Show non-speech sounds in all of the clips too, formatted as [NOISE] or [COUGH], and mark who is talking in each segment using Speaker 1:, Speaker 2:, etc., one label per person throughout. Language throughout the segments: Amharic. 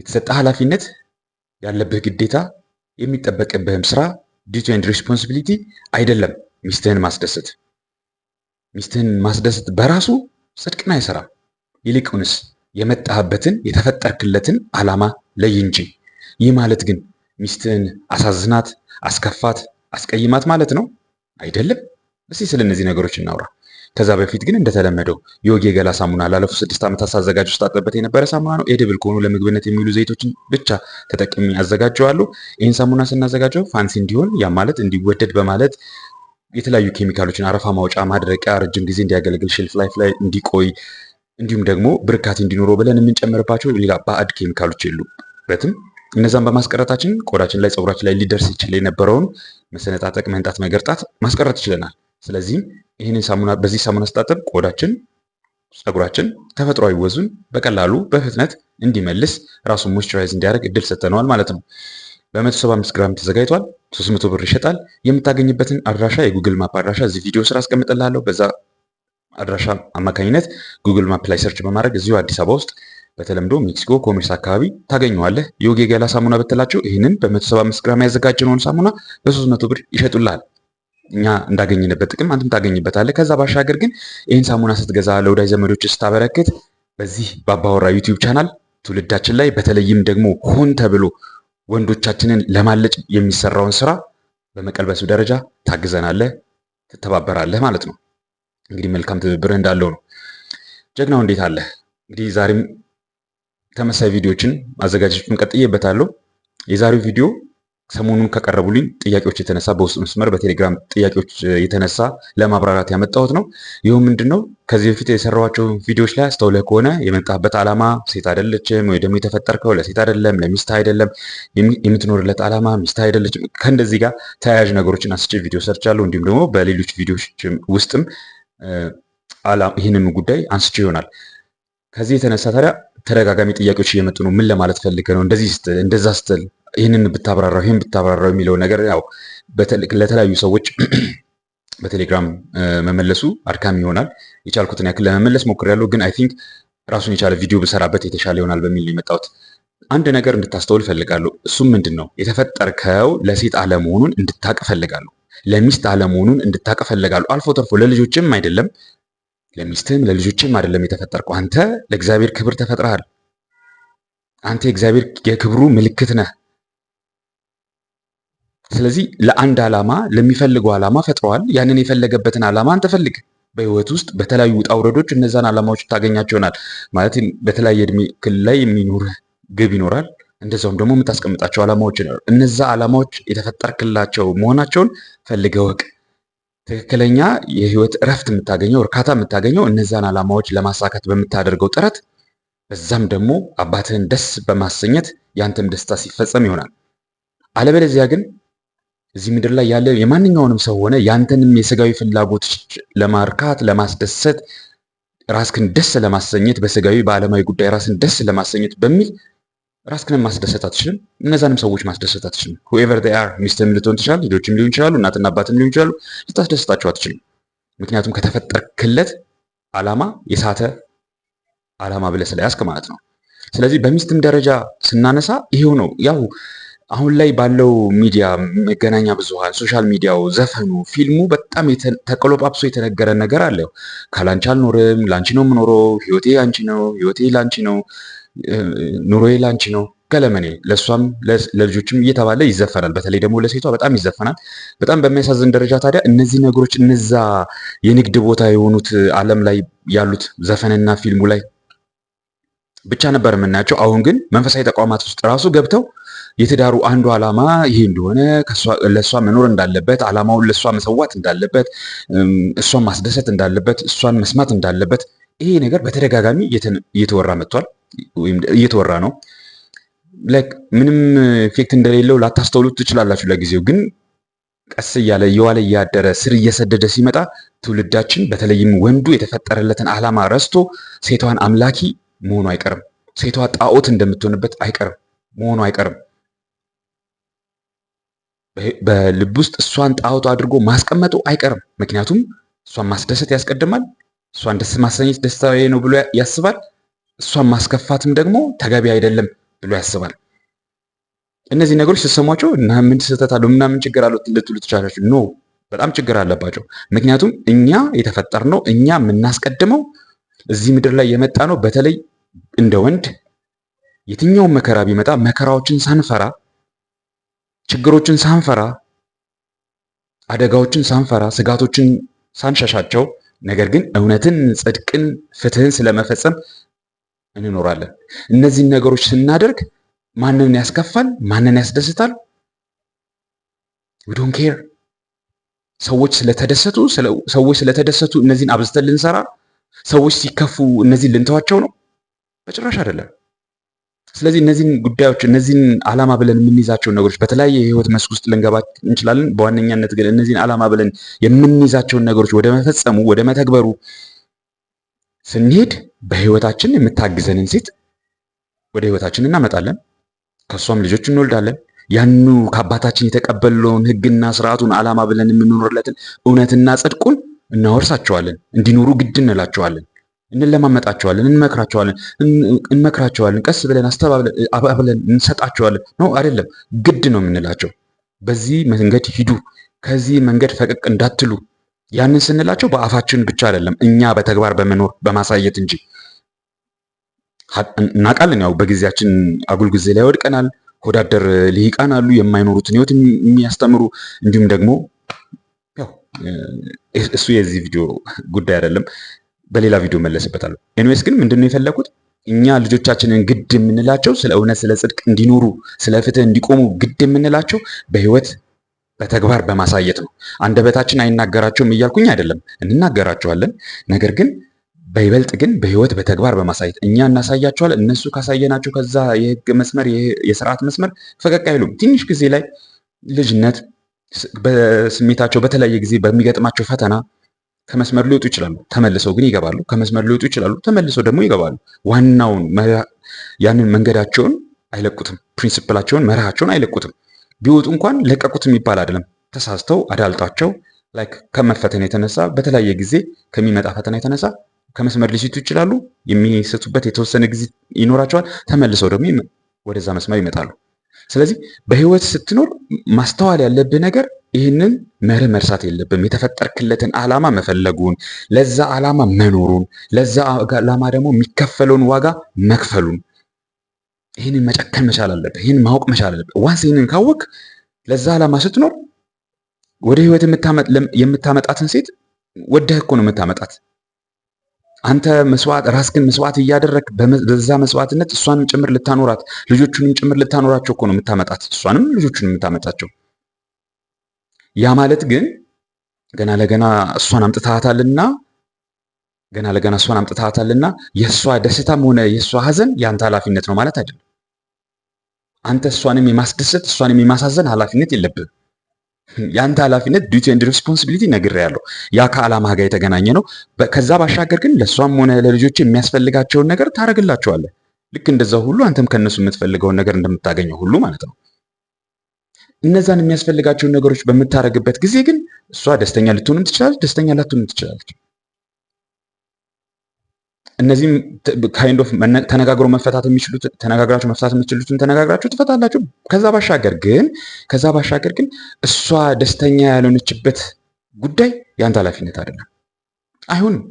Speaker 1: የተሰጠ ኃላፊነት፣ ያለብህ ግዴታ፣ የሚጠበቅብህም ስራ ዲቲ ኤንድ ሪስፖንሲቢሊቲ አይደለም ሚስትህን ማስደሰት። ሚስትህን ማስደሰት በራሱ ጽድቅን አይሰራም። ይልቁንስ የመጣህበትን የተፈጠርክለትን ዓላማ ለይ እንጂ። ይህ ማለት ግን ሚስትህን አሳዝናት፣ አስከፋት፣ አስቀይማት ማለት ነው አይደለም። እስ ስለ እነዚህ ነገሮች እናውራ። ከዛ በፊት ግን እንደተለመደው ዮጊ የገላ ሳሙና ላለፉት ስድስት ዓመታት ሳዘጋጅ ውስጥ አጠበት የነበረ ሳሙና ነው። ኤድብል ከሆኑ ለምግብነት የሚውሉ ዘይቶችን ብቻ ተጠቅሚ አዘጋጀዋለሁ። ይህን ሳሙና ስናዘጋጀው ፋንሲ እንዲሆን ያ ማለት እንዲወደድ በማለት የተለያዩ ኬሚካሎችን አረፋ ማውጫ፣ ማድረቂያ፣ ረጅም ጊዜ እንዲያገለግል፣ ሼልፍ ላይፍ ላይ እንዲቆይ እንዲሁም ደግሞ ብርካት እንዲኖረው ብለን የምንጨምርባቸው ሌላ ባዕድ ኬሚካሎች የሉበትም። እነዛን በማስቀረታችን ቆዳችን ላይ፣ ፀጉራችን ላይ ሊደርስ ይችል የነበረውን መሰነጣጠቅ፣ መንጣት፣ መገርጣት ማስቀረት ይችለናል። ስለዚህም ይህንን ሳሙና በዚህ ሳሙና ስታጠብ ቆዳችን፣ ፀጉራችን ተፈጥሯዊ ወዙን በቀላሉ በፍጥነት እንዲመልስ ራሱን ሞይስቸራይዝ እንዲያደርግ እድል ሰጥተነዋል ማለት ነው። በ175 ግራም ተዘጋጅቷል። 300 ብር ይሸጣል። የምታገኝበትን አድራሻ የጉግል ማፕ አድራሻ እዚህ ቪዲዮ ስራ አስቀምጥልሃለሁ። በዛ አድራሻ አማካኝነት ጉግል ማፕ ላይ ሰርች በማድረግ እዚሁ አዲስ አበባ ውስጥ በተለምዶ ሜክሲኮ ኮሜርስ አካባቢ ታገኘዋለህ። የወጌ ገላ ሳሙና ብትላቸው ይህንን በ175 ግራም ያዘጋጀነውን ሳሙና በ300 ብር ይሸጡልሃል። እኛ እንዳገኝንበት ጥቅም አንተም ታገኝበታለህ። ከዛ ባሻገር ግን ይህን ሳሙና ስትገዛ ለወዳጅ ዘመዶች ስታበረክት በዚህ በአባወራ ዩቲዩብ ቻናል ትውልዳችን ላይ በተለይም ደግሞ ሆን ተብሎ ወንዶቻችንን ለማለጭ የሚሰራውን ስራ በመቀልበሱ ደረጃ ታግዘናለህ፣ ትተባበራለህ ማለት ነው። እንግዲህ መልካም ትብብር እንዳለው ነው። ጀግናው እንዴት አለ? እንግዲህ ዛሬም ተመሳሳይ ቪዲዮዎችን አዘጋጅቼ ቀጥዬበታለሁ። የዛሬው ቪዲዮ ሰሞኑን ከቀረቡልኝ ጥያቄዎች የተነሳ በውስጥ መስመር በቴሌግራም ጥያቄዎች የተነሳ ለማብራራት ያመጣሁት ነው። ይሁም ምንድን ነው ከዚህ በፊት የሰራኋቸው ቪዲዮዎች ላይ አስተውለህ ከሆነ የመጣህበት ዓላማ ሴት አይደለችም፣ ወይ ደግሞ የተፈጠርከው ለሴት አይደለም፣ ለሚስት አይደለም። የምትኖርለት ዓላማ ሚስት አይደለችም። ከእንደዚህ ጋር ተያያዥ ነገሮችን አስጭ ቪዲዮ ሰርቻለሁ። እንዲሁም ደግሞ በሌሎች ቪዲዮዎች ውስጥም ይህንን ጉዳይ አንስቼ ይሆናል። ከዚህ የተነሳ ታዲያ ተደጋጋሚ ጥያቄዎች እየመጡ ነው። ምን ለማለት ፈልገ ነው እንደዚህ ስትል እንደዛ ስትል ይህንን ብታብራራው ይህን ብታብራራው የሚለው ነገር ያው ለተለያዩ ሰዎች [CLEARS THROAT] በቴሌግራም መመለሱ አድካሚ ይሆናል። የቻልኩትን ያክል ለመመለስ ሞክሬያለሁ፣ ግን አይ ቲንክ ራሱን የቻለ ቪዲዮ ብሰራበት የተሻለ ይሆናል በሚል ነው የመጣሁት። አንድ ነገር እንድታስተውል እፈልጋለሁ። እሱም ምንድን ነው የተፈጠርከው ለሴት አለመሆኑን እንድታቅ እፈልጋለሁ። ለሚስት አለመሆኑን እንድታቅ እፈልጋለሁ። አልፎ ተርፎ ለልጆችም አይደለም፣ ለሚስትም ለልጆችም አይደለም የተፈጠርከው። አንተ ለእግዚአብሔር ክብር ተፈጥረሃል። አንተ የእግዚአብሔር የክብሩ ምልክት ነህ። ስለዚህ ለአንድ ዓላማ ለሚፈልገው ዓላማ ፈጥረዋል። ያንን የፈለገበትን ዓላማ አንተ ፈልግ። በህይወት ውስጥ በተለያዩ ውጣ ውረዶች እነዛን ዓላማዎች ታገኛቸውናል። ማለት በተለያየ እድሜ ክልል ላይ የሚኖር ግብ ይኖራል። እንደዛውም ደግሞ የምታስቀምጣቸው ዓላማዎች ይኖራል። እነዛ ዓላማዎች የተፈጠርክላቸው መሆናቸውን ፈልገ ወቅ። ትክክለኛ የህይወት እረፍት የምታገኘው እርካታ የምታገኘው እነዛን ዓላማዎች ለማሳካት በምታደርገው ጥረት፣ በዛም ደግሞ አባትህን ደስ በማሰኘት ያንተም ደስታ ሲፈጸም ይሆናል። አለበለዚያ ግን እዚህ ምድር ላይ ያለ የማንኛውንም ሰው ሆነ ያንተንም የስጋዊ ፍላጎት ለማርካት ለማስደሰት ራስክን ደስ ለማሰኘት በስጋዊ በዓለማዊ ጉዳይ ራስን ደስ ለማሰኘት በሚል ራስክንም ማስደሰት አትችልም። እነዛንም ሰዎች ማስደሰት አትችልም። ሁኤቨር ዴይ አር ሚስትም ልትሆን ትችላል፣ ልጆችም ሊሆን ይችላሉ፣ እናትና አባትም ሊሆን ይችላሉ። ልታስደስታቸው አትችልም። ምክንያቱም ከተፈጠርክለት ዓላማ የሳተ ዓላማ ብለህ ስለያዝክ ማለት ነው። ስለዚህ በሚስትም ደረጃ ስናነሳ ይሄው ነው ያው አሁን ላይ ባለው ሚዲያ መገናኛ ብዙሃን ሶሻል ሚዲያው ዘፈኑ ፊልሙ በጣም ተቀሎጳጵሶ የተነገረ ነገር አለው። ካላንቺ አልኖርም፣ ላንቺ ነው የምኖረው፣ ህይወቴ አንቺ ነው፣ ህይወቴ ላንቺ ነው፣ ኑሮዬ ላንቺ ነው፣ ገለመኔ ለእሷም ለልጆችም እየተባለ ይዘፈናል። በተለይ ደግሞ ለሴቷ በጣም ይዘፈናል። በጣም በሚያሳዝን ደረጃ ታዲያ እነዚህ ነገሮች እነዛ የንግድ ቦታ የሆኑት አለም ላይ ያሉት ዘፈንና ፊልሙ ላይ ብቻ ነበር የምናያቸው። አሁን ግን መንፈሳዊ ተቋማት ውስጥ ራሱ ገብተው የትዳሩ አንዱ ዓላማ ይሄ እንደሆነ ለእሷ መኖር እንዳለበት ዓላማውን ለእሷ መሰዋት እንዳለበት እሷን ማስደሰት እንዳለበት እሷን መስማት እንዳለበት ይሄ ነገር በተደጋጋሚ እየተወራ መጥቷል፣ ወይም እየተወራ ነው። ምንም ኢፌክት እንደሌለው ላታስተውሉት ትችላላችሁ። ለጊዜው ግን ቀስ እያለ እየዋለ እያደረ ስር እየሰደደ ሲመጣ ትውልዳችን በተለይም ወንዱ የተፈጠረለትን ዓላማ ረስቶ ሴቷን አምላኪ መሆኑ አይቀርም። ሴቷ ጣዖት እንደምትሆንበት አይቀርም መሆኑ አይቀርም። በልብ ውስጥ እሷን ጣዖት አድርጎ ማስቀመጡ አይቀርም። ምክንያቱም እሷን ማስደሰት ያስቀድማል። እሷን ደስ ማሰኘት ደስታዊ ነው ብሎ ያስባል። እሷን ማስከፋትም ደግሞ ተገቢ አይደለም ብሎ ያስባል። እነዚህ ነገሮች ስትሰሟቸው እና ምን ስህተት አለው ምናምን ችግር አለው ልትሉ ትችላላችሁ። ኖ በጣም ችግር አለባቸው። ምክንያቱም እኛ ነው እኛ የምናስቀድመው እዚህ ምድር ላይ የመጣ ነው። በተለይ እንደ ወንድ የትኛውን መከራ ቢመጣ መከራዎችን ሳንፈራ ችግሮችን ሳንፈራ አደጋዎችን ሳንፈራ ስጋቶችን ሳንሸሻቸው ነገር ግን እውነትን፣ ጽድቅን፣ ፍትህን ስለመፈጸም እንኖራለን። እነዚህን ነገሮች ስናደርግ ማንን ያስከፋል? ማንን ያስደስታል? ዶን ኬር። ሰዎች ስለተደሰቱ ሰዎች ስለተደሰቱ እነዚህን አብዝተን ልንሰራ፣ ሰዎች ሲከፉ እነዚህን ልንተዋቸው ነው? በጭራሽ አይደለም። ስለዚህ እነዚህን ጉዳዮች እነዚህን ዓላማ ብለን የምንይዛቸውን ነገሮች በተለያየ የህይወት መስክ ውስጥ ልንገባ እንችላለን። በዋነኛነት ግን እነዚህን ዓላማ ብለን የምንይዛቸውን ነገሮች ወደ መፈጸሙ ወደ መተግበሩ ስንሄድ በህይወታችን የምታግዘንን ሴት ወደ ህይወታችን እናመጣለን። ከእሷም ልጆች እንወልዳለን። ያኑ ከአባታችን የተቀበለውን ህግና ስርዓቱን ዓላማ ብለን የምንኖርለትን እውነትና ጽድቁን እናወርሳቸዋለን። እንዲኖሩ ግድ እንላቸዋለን። እንለማመጣቸዋለን፣ እንመክራቸዋለን፣ እንመክራቸዋለን፣ ቀስ ብለን አስተባብለን እንሰጣቸዋለን። ነው አይደለም፣ ግድ ነው የምንላቸው። በዚህ መንገድ ሂዱ፣ ከዚህ መንገድ ፈቀቅ እንዳትሉ። ያንን ስንላቸው በአፋችን ብቻ አይደለም፣ እኛ በተግባር በመኖር በማሳየት እንጂ። እናውቃለን፣ ያው በጊዜያችን አጉል ጊዜ ላይ ወድቀናል። ወዳደር ልሂቃን አሉ የማይኖሩትን ህይወት የሚያስተምሩ እንዲሁም ደግሞ እሱ የዚህ ቪዲዮ ጉዳይ አይደለም። በሌላ ቪዲዮ መለስበታለሁ። ኤንዌስ ግን ምንድነው የፈለኩት እኛ ልጆቻችንን ግድ የምንላቸው ስለ እውነት ስለ ጽድቅ እንዲኖሩ ስለ ፍትህ እንዲቆሙ ግድ የምንላቸው በህይወት በተግባር በማሳየት ነው። አንደበታችን አይናገራቸውም እያልኩኝ አይደለም፣ እንናገራቸዋለን። ነገር ግን በይበልጥ ግን በህይወት በተግባር በማሳየት እኛ እናሳያቸዋለን። እነሱ ካሳየናቸው ከዛ የህግ መስመር የስርዓት መስመር ፈቀቅ አይሉም። ትንሽ ጊዜ ላይ ልጅነት በስሜታቸው በተለያየ ጊዜ በሚገጥማቸው ፈተና ከመስመር ሊወጡ ይችላሉ፣ ተመልሰው ግን ይገባሉ። ከመስመር ሊወጡ ይችላሉ፣ ተመልሰው ደግሞ ይገባሉ። ዋናውን ያንን መንገዳቸውን አይለቁትም። ፕሪንስፕላቸውን መርሃቸውን አይለቁትም። ቢወጡ እንኳን ለቀቁት የሚባል አይደለም። ተሳስተው አዳልጧቸው ላይክ ከመፈተን የተነሳ በተለያየ ጊዜ ከሚመጣ ፈተና የተነሳ ከመስመር ሊስቱ ይችላሉ። የሚሰቱበት የተወሰነ ጊዜ ይኖራቸዋል። ተመልሰው ደግሞ ወደዛ መስመር ይመጣሉ። ስለዚህ በህይወት ስትኖር ማስተዋል ያለብህ ነገር ይህንን መርህ መርሳት የለብም። የተፈጠርክለትን ዓላማ መፈለጉን፣ ለዛ ዓላማ መኖሩን፣ ለዛ ዓላማ ደግሞ የሚከፈለውን ዋጋ መክፈሉን፣ ይህንን መጨከን መቻል አለብህ። ይህን ማወቅ መቻል አለብህ። ዋንስ ይህንን ካወቅ ለዛ ዓላማ ስትኖር ወደ ህይወት የምታመጣትን ሴት ወደህ እኮ ነው የምታመጣት። አንተ መስዋዕት ራስህን መስዋዕት እያደረግ በዛ መስዋዕትነት እሷንም ጭምር ልታኖራት ልጆቹንም ጭምር ልታኖራቸው እኮ ነው የምታመጣት፣ እሷንም ልጆቹን የምታመጣቸው። ያ ማለት ግን ገና ለገና እሷን አምጥታታልና ገና ለገና እሷን አምጥታታልና የእሷ ደስታም ሆነ የእሷ ሀዘን የአንተ ኃላፊነት ነው ማለት አይደለም። አንተ እሷንም የማስደሰት እሷንም የማሳዘን ኃላፊነት የለብህም። ያንተ ኃላፊነት ዲዩቲ ኤንድ ሪስፖንሲቢሊቲ ነግሬያለሁ። ያ ከዓላማ ጋር የተገናኘ ነው። ከዛ ባሻገር ግን ለእሷም ሆነ ለልጆች የሚያስፈልጋቸውን ነገር ታደርግላቸዋለህ። ልክ እንደዛ ሁሉ አንተም ከእነሱ የምትፈልገውን ነገር እንደምታገኘው ሁሉ ማለት ነው። እነዛን የሚያስፈልጋቸውን ነገሮች በምታደርግበት ጊዜ ግን እሷ ደስተኛ ልትሆንም ትችላለች፣ ደስተኛ ላትሆንም ትችላለች። እነዚህም ካይንድ ኦፍ ተነጋግሮ መፈታት የሚችሉት ተነጋግራችሁ መፍታት የምትችሉትን ተነጋግራችሁ ትፈታላችሁ። ከዛ ባሻገር ግን ከዛ ባሻገር ግን እሷ ደስተኛ ያልሆነችበት ጉዳይ የአንተ ኃላፊነት አይደለም፣ አይሆንም።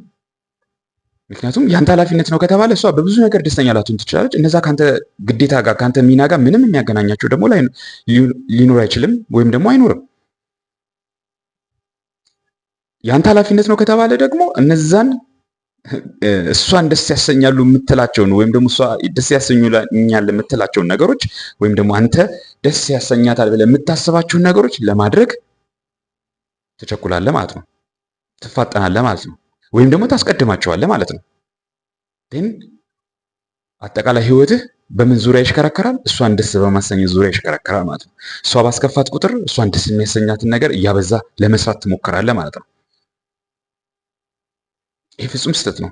Speaker 1: ምክንያቱም የአንተ ኃላፊነት ነው ከተባለ እሷ በብዙ ነገር ደስተኛ ላትሆን ትችላለች። እነዛ ከአንተ ግዴታ ጋር ከአንተ ሚና ጋር ምንም የሚያገናኛቸው ደግሞ ሊኖር አይችልም ወይም ደግሞ አይኖርም። የአንተ ኃላፊነት ነው ከተባለ ደግሞ እነዛን እሷን ደስ ያሰኛሉ የምትላቸውን ወይም ደግሞ እሷ ደስ ያሰኙኛል የምትላቸውን ነገሮች ወይም ደግሞ አንተ ደስ ያሰኛታል ብለህ የምታስባቸውን ነገሮች ለማድረግ ትቸኩላለህ ማለት ነው። ትፋጠናለህ ማለት ነው። ወይም ደግሞ ታስቀድማቸዋለህ ማለት ነው። ግን አጠቃላይ ህይወትህ በምን ዙሪያ ይሽከረከራል? እሷን ደስ በማሰኘት ዙሪያ ይሽከረከራል ማለት ነው። እሷ ባስከፋት ቁጥር እሷን ደስ የሚያሰኛትን ነገር እያበዛ ለመስራት ትሞክራለህ ማለት ነው። ይህ ፍጹም ስህተት ነው።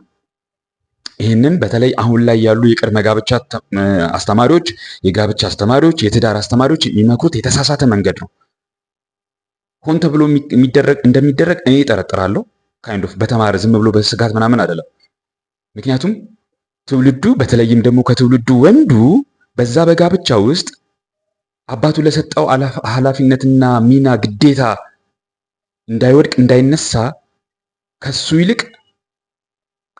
Speaker 1: ይህንን በተለይ አሁን ላይ ያሉ የቅድመ ጋብቻ አስተማሪዎች፣ የጋብቻ አስተማሪዎች፣ የትዳር አስተማሪዎች የሚመክሩት የተሳሳተ መንገድ ነው። ሆን ተብሎ የሚደረግ እንደሚደረግ እኔ እጠረጥራለሁ። ካይንድ ኦፍ በተማረ ዝም ብሎ በስጋት ምናምን አይደለም። ምክንያቱም ትውልዱ በተለይም ደግሞ ከትውልዱ ወንዱ በዛ በጋብቻ ውስጥ አባቱ ለሰጠው ኃላፊነትና ሚና ግዴታ እንዳይወድቅ እንዳይነሳ ከሱ ይልቅ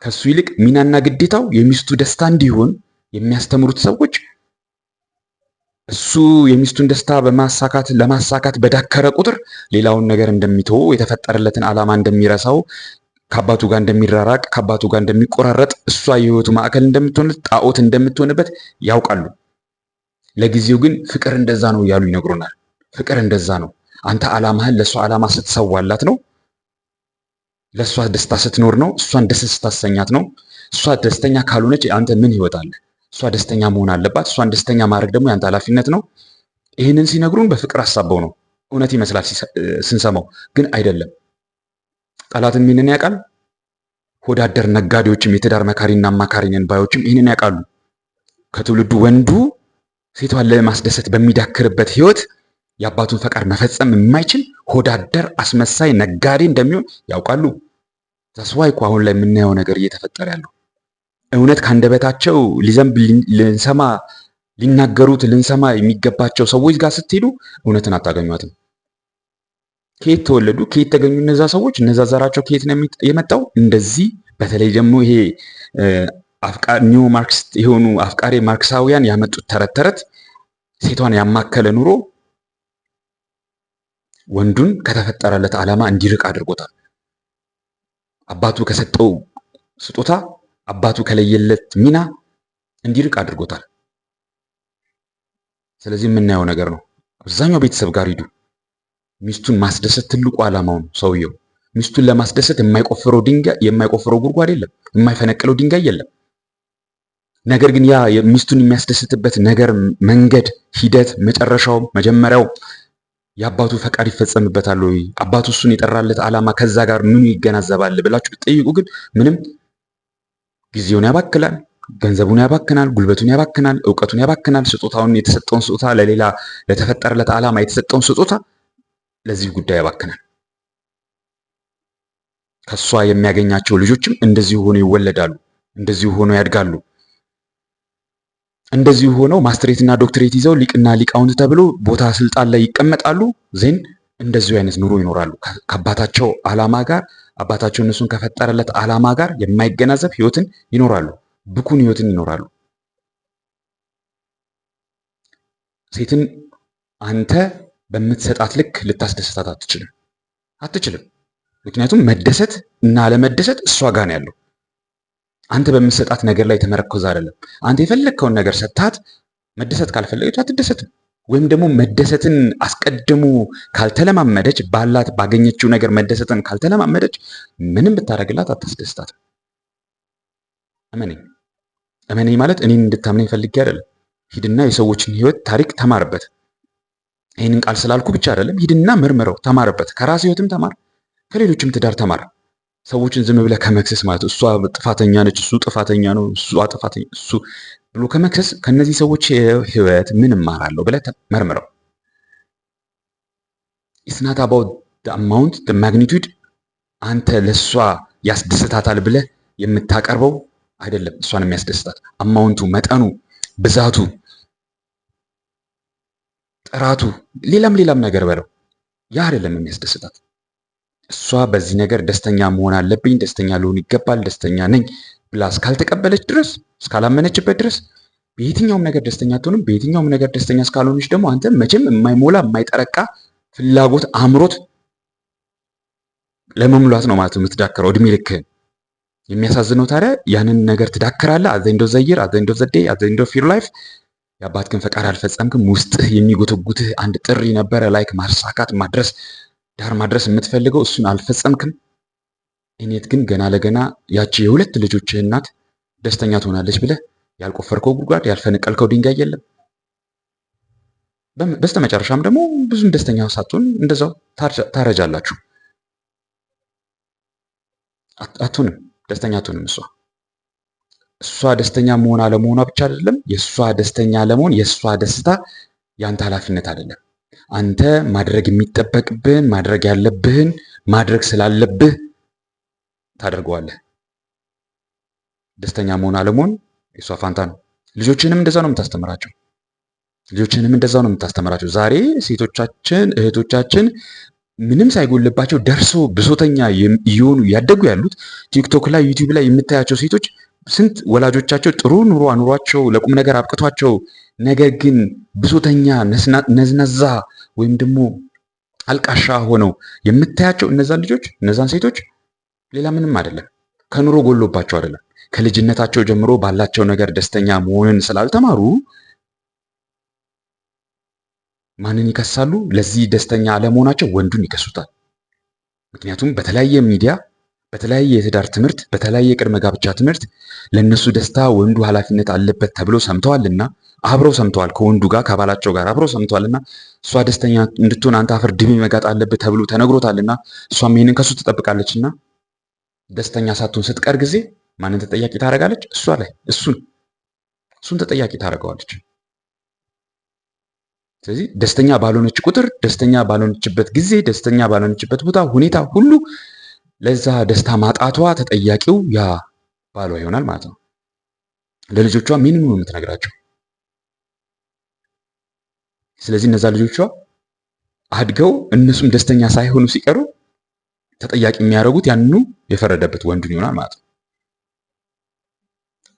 Speaker 1: ከሱ ይልቅ ሚናና ግዴታው የሚስቱ ደስታ እንዲሆን የሚያስተምሩት ሰዎች እሱ የሚስቱን ደስታ በማሳካት ለማሳካት በዳከረ ቁጥር ሌላውን ነገር እንደሚተው የተፈጠረለትን ዓላማ እንደሚረሳው ከአባቱ ጋር እንደሚራራቅ ከአባቱ ጋር እንደሚቆራረጥ እሷ የህይወቱ ማዕከል እንደምትሆንለት ጣዖት እንደምትሆንበት ያውቃሉ። ለጊዜው ግን ፍቅር እንደዛ ነው እያሉ ይነግሩናል። ፍቅር እንደዛ ነው። አንተ ዓላማህን ለእሷ ዓላማ ስትሰዋላት ነው ለእሷ ደስታ ስትኖር ነው። እሷን ደስ ስታሰኛት ነው። እሷ ደስተኛ ካልሆነች አንተ ምን ህይወት አለ? እሷ ደስተኛ መሆን አለባት። እሷን ደስተኛ ማድረግ ደግሞ የአንተ ኃላፊነት ነው። ይህንን ሲነግሩን በፍቅር አሳበው ነው። እውነት ይመስላል ስንሰማው፣ ግን አይደለም። ጠላትም ይህንን ያውቃል። ሆዳደር ነጋዴዎችም የትዳር መካሪና አማካሪ ነን ባዮችም ይህንን ያውቃሉ። ከትውልዱ ወንዱ ሴቷን ለማስደሰት በሚዳክርበት ህይወት የአባቱን ፈቃድ መፈጸም የማይችል ሆዳደር አስመሳይ ነጋዴ እንደሚሆን ያውቃሉ። ተስዋይ እኮ አሁን ላይ የምናየው ነገር እየተፈጠረ ያለው እውነት ከአንደበታቸው ሊዘንብ ልንሰማ ሊናገሩት ልንሰማ የሚገባቸው ሰዎች ጋር ስትሄዱ እውነትን አታገኟትም። ከየት ተወለዱ? ከየት ተገኙ? እነዛ ሰዎች እነዛ ዘራቸው ከየት ነው የመጣው? እንደዚህ በተለይ ደግሞ ይሄ ኒዮ ማርክስ የሆኑ አፍቃሪ ማርክሳውያን ያመጡት ተረት ተረት ሴቷን ያማከለ ኑሮ ወንዱን ከተፈጠረለት ዓላማ እንዲርቅ አድርጎታል። አባቱ ከሰጠው ስጦታ፣ አባቱ ከለየለት ሚና እንዲርቅ አድርጎታል። ስለዚህ የምናየው ነገር ነው። አብዛኛው ቤተሰብ ጋር ሂዱ፣ ሚስቱን ማስደሰት ትልቁ ዓላማው ነው። ሰውየው ሚስቱን ለማስደሰት የማይቆፍረው ድንጋይ የማይቆፍረው ጉድጓድ የለም፣ የማይፈነቅለው ድንጋይ የለም። ነገር ግን ያ ሚስቱን የሚያስደስትበት ነገር መንገድ፣ ሂደት፣ መጨረሻው፣ መጀመሪያው የአባቱ ፈቃድ ይፈጸምበታል ወይ፣ አባቱ እሱን የጠራለት ዓላማ ከዛ ጋር ምኑ ይገናዘባል ብላችሁ ብትጠይቁ ግን ምንም ጊዜውን ያባክላል፣ ገንዘቡን ያባክናል፣ ጉልበቱን ያባክናል፣ እውቀቱን ያባክናል፣ ስጦታውን የተሰጠውን ስጦታ ለሌላ ለተፈጠረለት ዓላማ የተሰጠውን ስጦታ ለዚህ ጉዳይ ያባክናል። ከእሷ የሚያገኛቸው ልጆችም እንደዚሁ ሆኖ ይወለዳሉ፣ እንደዚሁ ሆኖ ያድጋሉ። እንደዚሁ ሆነው ማስትሬትና ዶክትሬት ይዘው ሊቅና ሊቃውንት ተብሎ ቦታ ስልጣን ላይ ይቀመጣሉ። ዜን እንደዚሁ አይነት ኑሮ ይኖራሉ። ከአባታቸው ዓላማ ጋር አባታቸው እነሱን ከፈጠረለት ዓላማ ጋር የማይገናዘብ ህይወትን ይኖራሉ። ብኩን ህይወትን ይኖራሉ። ሴትን አንተ በምትሰጣት ልክ ልታስደስታት አትችልም አትችልም። ምክንያቱም መደሰት እና አለመደሰት እሷ ጋር ነው ያለው። አንተ በምትሰጣት ነገር ላይ ተመረኮዝ አይደለም። አንተ የፈለግከውን ነገር ሰጥታት መደሰት ካልፈለገች አትደሰትም። ወይም ደግሞ መደሰትን አስቀድሙ ካልተለማመደች፣ ባላት ባገኘችው ነገር መደሰትን ካልተለማመደች ምንም ብታደርግላት አታስደስታት። እመኔ እመኔ ማለት እኔን እንድታምነኝ ፈልጌ አይደለም። ሂድና የሰዎችን ህይወት ታሪክ ተማርበት። ይህንን ቃል ስላልኩ ብቻ አይደለም። ሂድና ምርምረው ተማርበት። ከራስ ህይወትም ተማር፣ ከሌሎችም ትዳር ተማር። ሰዎችን ዝም ብለህ ከመክሰስ ማለት እሷ ጥፋተኛ ነች፣ እሱ ጥፋተኛ ነው፣ እሷ ጥፋተኛ እሱ ብሎ ከመክሰስ ከነዚህ ሰዎች ህይወት ምን እማራለሁ ብለህ መርምረው። ኢስናት አባውት አማውንት ማግኒቱድ አንተ ለእሷ ያስደስታታል ብለህ የምታቀርበው አይደለም። እሷን የሚያስደስታት አማውንቱ፣ መጠኑ፣ ብዛቱ፣ ጥራቱ፣ ሌላም ሌላም ነገር በለው ያ አይደለም የሚያስደስታት እሷ በዚህ ነገር ደስተኛ መሆን አለብኝ፣ ደስተኛ ልሆን ይገባል፣ ደስተኛ ነኝ ብላ እስካልተቀበለች ድረስ እስካላመነችበት ድረስ በየትኛውም ነገር ደስተኛ አትሆንም። በየትኛውም ነገር ደስተኛ እስካልሆነች ደግሞ አንተ መቼም የማይሞላ የማይጠረቃ ፍላጎት አምሮት ለመሙላት ነው ማለት የምትዳክረው እድሜ ልክህን። የሚያሳዝነው ታዲያ ያንን ነገር ትዳክራለህ። አዘንዶ ዘይር አዘንዶ ዘዴ አዘንዶ ፊር ላይፍ የአባትህን ፈቃድ አልፈጸምክም። ውስጥህ የሚጎተጉትህ አንድ ጥሪ ነበረ ላይክ ማሳካት ማድረስ ዳር ማድረስ የምትፈልገው እሱን አልፈጸምክም። እኔት ግን ገና ለገና ያቺ የሁለት ልጆች እናት ደስተኛ ትሆናለች ብለህ ያልቆፈርከው ጉድጓድ ያልፈነቀልከው ድንጋይ የለም። በስተ መጨረሻም ደግሞ ብዙም ደስተኛ ሳትሆን እንደዛው ታረጃላችሁ። አትሆንም፣ ደስተኛ አትሆንም። እሷ እሷ ደስተኛ መሆን አለመሆኗ ብቻ አይደለም፣ የእሷ ደስተኛ ለመሆን የእሷ ደስታ ያንተ ኃላፊነት አይደለም። አንተ ማድረግ የሚጠበቅብህን ማድረግ ያለብህን ማድረግ ስላለብህ ታደርገዋለህ። ደስተኛ መሆን አለመሆን የእሷ ፋንታ ነው። ልጆችንም እንደዛ ነው የምታስተምራቸው። ልጆችንም እንደዛ ነው የምታስተምራቸው። ዛሬ ሴቶቻችን እህቶቻችን ምንም ሳይጎልባቸው ደርሶ ብሶተኛ እየሆኑ ያደጉ ያሉት ቲክቶክ ላይ ዩቲዩብ ላይ የምታያቸው ሴቶች ስንት ወላጆቻቸው ጥሩ ኑሮ አኑሯቸው ለቁም ነገር አብቅቷቸው ነገር ግን ብሶተኛ ነዝናዛ ወይም ደግሞ አልቃሻ ሆነው የምታያቸው እነዛን ልጆች እነዛን ሴቶች ሌላ ምንም አይደለም፣ ከኑሮ ጎሎባቸው አይደለም። ከልጅነታቸው ጀምሮ ባላቸው ነገር ደስተኛ መሆንን ስላልተማሩ ማንን ይከሳሉ? ለዚህ ደስተኛ አለመሆናቸው ወንዱን ይከሱታል። ምክንያቱም በተለያየ ሚዲያ፣ በተለያየ የትዳር ትምህርት፣ በተለያየ ቅድመ ጋብቻ ትምህርት ለእነሱ ደስታ ወንዱ ኃላፊነት አለበት ተብሎ ሰምተዋልና አብረው ሰምተዋል። ከወንዱ ጋር ከባላቸው ጋር አብረው ሰምተዋልና እሷ ደስተኛ እንድትሆን አንተ አፈር ድሜ መጋጥ አለብህ ተብሎ ተነግሮታልና እሷም ይህንን ከሱ ትጠብቃለች እና ደስተኛ ሳትሆን ስትቀር ጊዜ ማንን ተጠያቂ ታደርጋለች? እሷ ላይ እሱን እሱን ተጠያቂ ታደርገዋለች። ስለዚህ ደስተኛ ባልሆነች ቁጥር፣ ደስተኛ ባልሆነችበት ጊዜ፣ ደስተኛ ባልሆነችበት ቦታ፣ ሁኔታ ሁሉ ለዛ ደስታ ማጣቷ ተጠያቂው ያ ባሏ ይሆናል ማለት ነው። ለልጆቿ ምንም የምትነግራቸው ስለዚህ እነዛ ልጆቿ አድገው እነሱም ደስተኛ ሳይሆኑ ሲቀሩ ተጠያቂ የሚያደርጉት ያንኑ የፈረደበት ወንዱን ይሆናል ማለት ነው።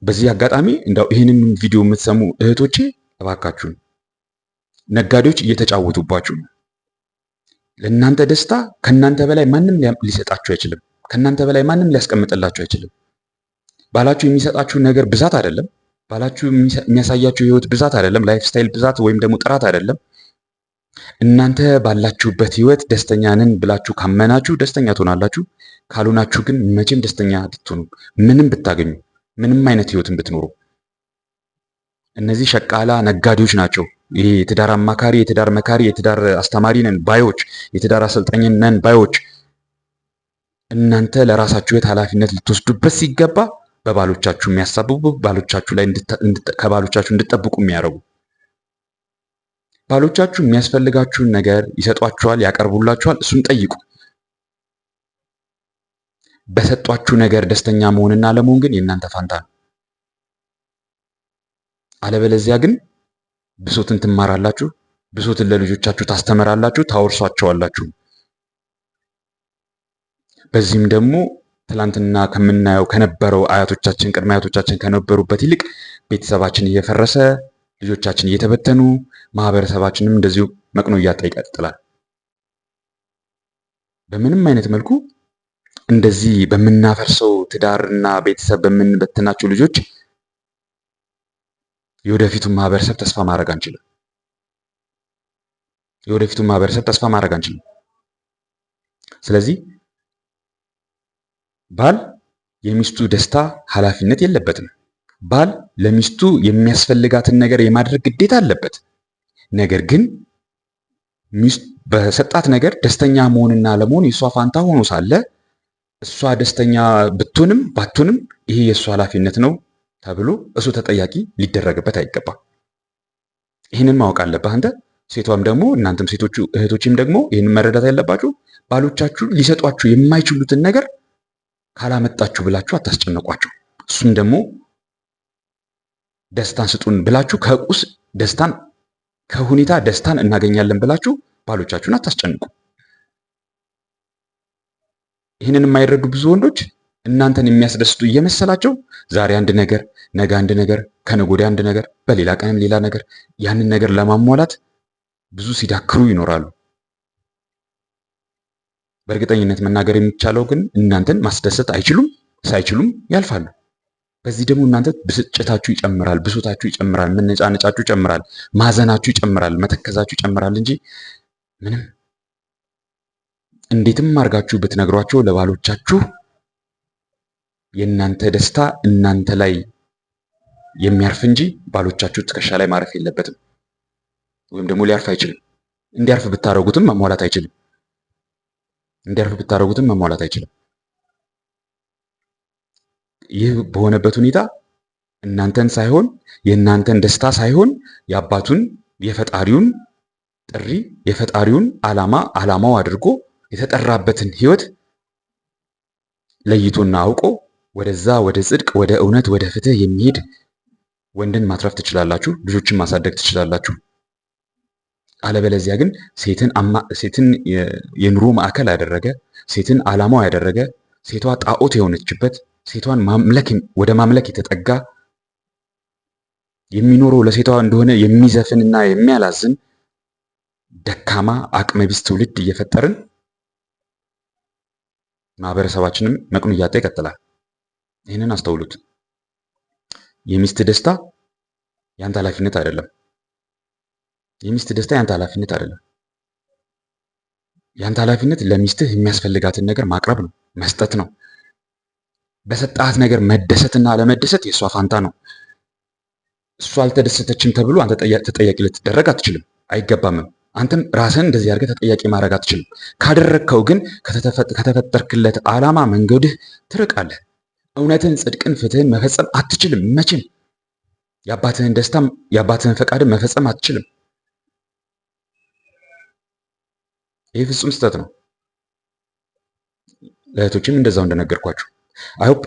Speaker 1: በዚህ አጋጣሚ እንዳው ይህንን ቪዲዮ የምትሰሙ እህቶቼ እባካችሁን ነጋዴዎች እየተጫወቱባችሁ ነው። ለእናንተ ደስታ ከእናንተ በላይ ማንም ሊሰጣችሁ አይችልም። ከእናንተ በላይ ማንም ሊያስቀምጥላችሁ አይችልም። ባላችሁ የሚሰጣችሁ ነገር ብዛት አይደለም ባላችሁ የሚያሳያችሁ የህይወት ብዛት አይደለም፣ ላይፍ ስታይል ብዛት ወይም ደግሞ ጥራት አይደለም። እናንተ ባላችሁበት ህይወት ደስተኛ ነን ብላችሁ ካመናችሁ ደስተኛ ትሆናላችሁ። ካልሆናችሁ ግን መቼም ደስተኛ አትሆኑ። ምንም ብታገኙ፣ ምንም አይነት ህይወትን ብትኖሩ። እነዚህ ሸቃላ ነጋዴዎች ናቸው። ይሄ የትዳር አማካሪ፣ የትዳር መካሪ፣ የትዳር አስተማሪ ነን ባዮች፣ የትዳር አሰልጣኝ ነን ባዮች እናንተ ለራሳችሁ ህይወት ኃላፊነት ልትወስዱበት ሲገባ በባሎቻችሁ የሚያሳብቡ ባሎቻችሁ ላይ ከባሎቻችሁ እንድጠብቁ የሚያደርጉ ባሎቻችሁ የሚያስፈልጋችሁን ነገር ይሰጧችኋል፣ ያቀርቡላችኋል። እሱን ጠይቁ። በሰጧችሁ ነገር ደስተኛ መሆንና አለመሆን ግን የእናንተ ፋንታ ነው። አለበለዚያ ግን ብሶትን ትማራላችሁ፣ ብሶትን ለልጆቻችሁ ታስተምራላችሁ፣ ታወርሷቸዋላችሁ። በዚህም ደግሞ ትላንትና ከምናየው ከነበረው አያቶቻችን ቅድመ አያቶቻችን ከነበሩበት ይልቅ ቤተሰባችን እየፈረሰ ልጆቻችን እየተበተኑ ማህበረሰባችንም እንደዚሁ መቅኖ እያጣ ይቀጥላል። በምንም አይነት መልኩ እንደዚህ በምናፈርሰው ትዳርና ቤተሰብ በምንበትናቸው ልጆች የወደፊቱን ማህበረሰብ ተስፋ ማድረግ አንችልም። የወደፊቱን ማህበረሰብ ተስፋ ማድረግ አንችልም። ስለዚህ ባል የሚስቱ ደስታ ኃላፊነት የለበትም። ባል ለሚስቱ የሚያስፈልጋትን ነገር የማድረግ ግዴታ አለበት። ነገር ግን በሰጣት ነገር ደስተኛ መሆንና ለመሆን የእሷ ፋንታ ሆኖ ሳለ እሷ ደስተኛ ብትሆንም ባትሆንም ይሄ የእሱ ኃላፊነት ነው ተብሎ እሱ ተጠያቂ ሊደረግበት አይገባም። ይህንን ማወቅ አለብህ አንተ። ሴቷም ደግሞ እናንተም ሴቶቹ እህቶችም ደግሞ ይህንን መረዳት ያለባችሁ ባሎቻችሁ ሊሰጧችሁ የማይችሉትን ነገር ካላመጣችሁ ብላችሁ አታስጨነቋቸው። እሱም ደግሞ ደስታን ስጡን ብላችሁ ከቁስ ደስታን ከሁኔታ ደስታን እናገኛለን ብላችሁ ባሎቻችሁን አታስጨንቁ። ይህንን የማይረዱ ብዙ ወንዶች እናንተን የሚያስደስቱ እየመሰላቸው ዛሬ አንድ ነገር፣ ነገ አንድ ነገር፣ ከነጎዳ አንድ ነገር፣ በሌላ ቀንም ሌላ ነገር ያንን ነገር ለማሟላት ብዙ ሲዳክሩ ይኖራሉ። በእርግጠኝነት መናገር የሚቻለው ግን እናንተን ማስደሰት አይችሉም፣ ሳይችሉም ያልፋሉ። በዚህ ደግሞ እናንተ ብስጭታችሁ ይጨምራል፣ ብሶታችሁ ይጨምራል፣ መነጫነጫችሁ ይጨምራል፣ ማዘናችሁ ይጨምራል፣ መተከዛችሁ ይጨምራል እንጂ ምንም እንዴትም አድርጋችሁ ብትነግሯቸው ለባሎቻችሁ የእናንተ ደስታ እናንተ ላይ የሚያርፍ እንጂ ባሎቻችሁ ትከሻ ላይ ማረፍ የለበትም። ወይም ደግሞ ሊያርፍ አይችልም። እንዲያርፍ ብታደርጉትም መሟላት አይችልም። እንዲያርፍ ብታደርጉትም መሟላት አይችልም። ይህ በሆነበት ሁኔታ እናንተን ሳይሆን የእናንተን ደስታ ሳይሆን የአባቱን የፈጣሪውን ጥሪ የፈጣሪውን ዓላማ ዓላማው አድርጎ የተጠራበትን ህይወት ለይቶና አውቆ ወደዛ ወደ ጽድቅ፣ ወደ እውነት፣ ወደ ፍትህ የሚሄድ ወንድን ማትረፍ ትችላላችሁ። ልጆችን ማሳደግ ትችላላችሁ። አለበለዚያ ግን ሴትን የኑሮ ማዕከል ያደረገ ሴትን ዓላማው ያደረገ ሴቷ ጣዖት የሆነችበት ሴቷን ወደ ማምለክ የተጠጋ የሚኖረው ለሴቷ እንደሆነ የሚዘፍንና የሚያላዝን ደካማ አቅመቢስ ትውልድ እየፈጠርን ማህበረሰባችንም መቅኑ እያጣ ይቀጥላል። ይህንን አስተውሉት። የሚስት ደስታ የአንተ ኃላፊነት አይደለም። የሚስት ደስታ ያንተ ኃላፊነት አይደለም። ያንተ ኃላፊነት ለሚስትህ የሚያስፈልጋትን ነገር ማቅረብ ነው፣ መስጠት ነው። በሰጣት ነገር መደሰትና አለመደሰት የእሷ ፋንታ ነው። እሷ አልተደሰተችም ተብሎ አንተ ተጠያቂ ልትደረግ አትችልም፣ አይገባምም። አንተም ራስህን እንደዚህ አድርገህ ተጠያቂ ማድረግ አትችልም። ካደረግከው ግን ከተፈጠርክለት ዓላማ መንገድህ ትርቃለህ። እውነትን፣ ጽድቅን፣ ፍትህን መፈጸም አትችልም መቼም። የአባትህን ደስታም የአባትህን ፈቃድን መፈጸም አትችልም። ይህ ፍጹም ስህተት ነው። ለእህቶችም እንደዛው እንደነገርኳችሁ አይሆፕ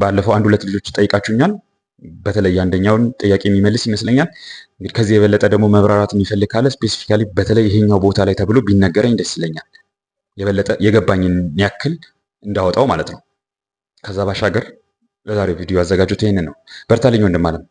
Speaker 1: ባለፈው አንድ ሁለት ልጆች ጠይቃችሁኛል። በተለይ አንደኛውን ጥያቄ የሚመልስ ይመስለኛል። እንግዲህ ከዚህ የበለጠ ደግሞ መብራራት የሚፈልግ ካለ ስፔሲፊካሊ በተለይ ይሄኛው ቦታ ላይ ተብሎ ቢነገረኝ ደስ ይለኛል። የበለጠ የገባኝን ያክል እንዳወጣው ማለት ነው። ከዛ ባሻገር ለዛሬው ቪዲዮ ያዘጋጁት ይህንን ነው። በርታልኝ ወንድም አለም።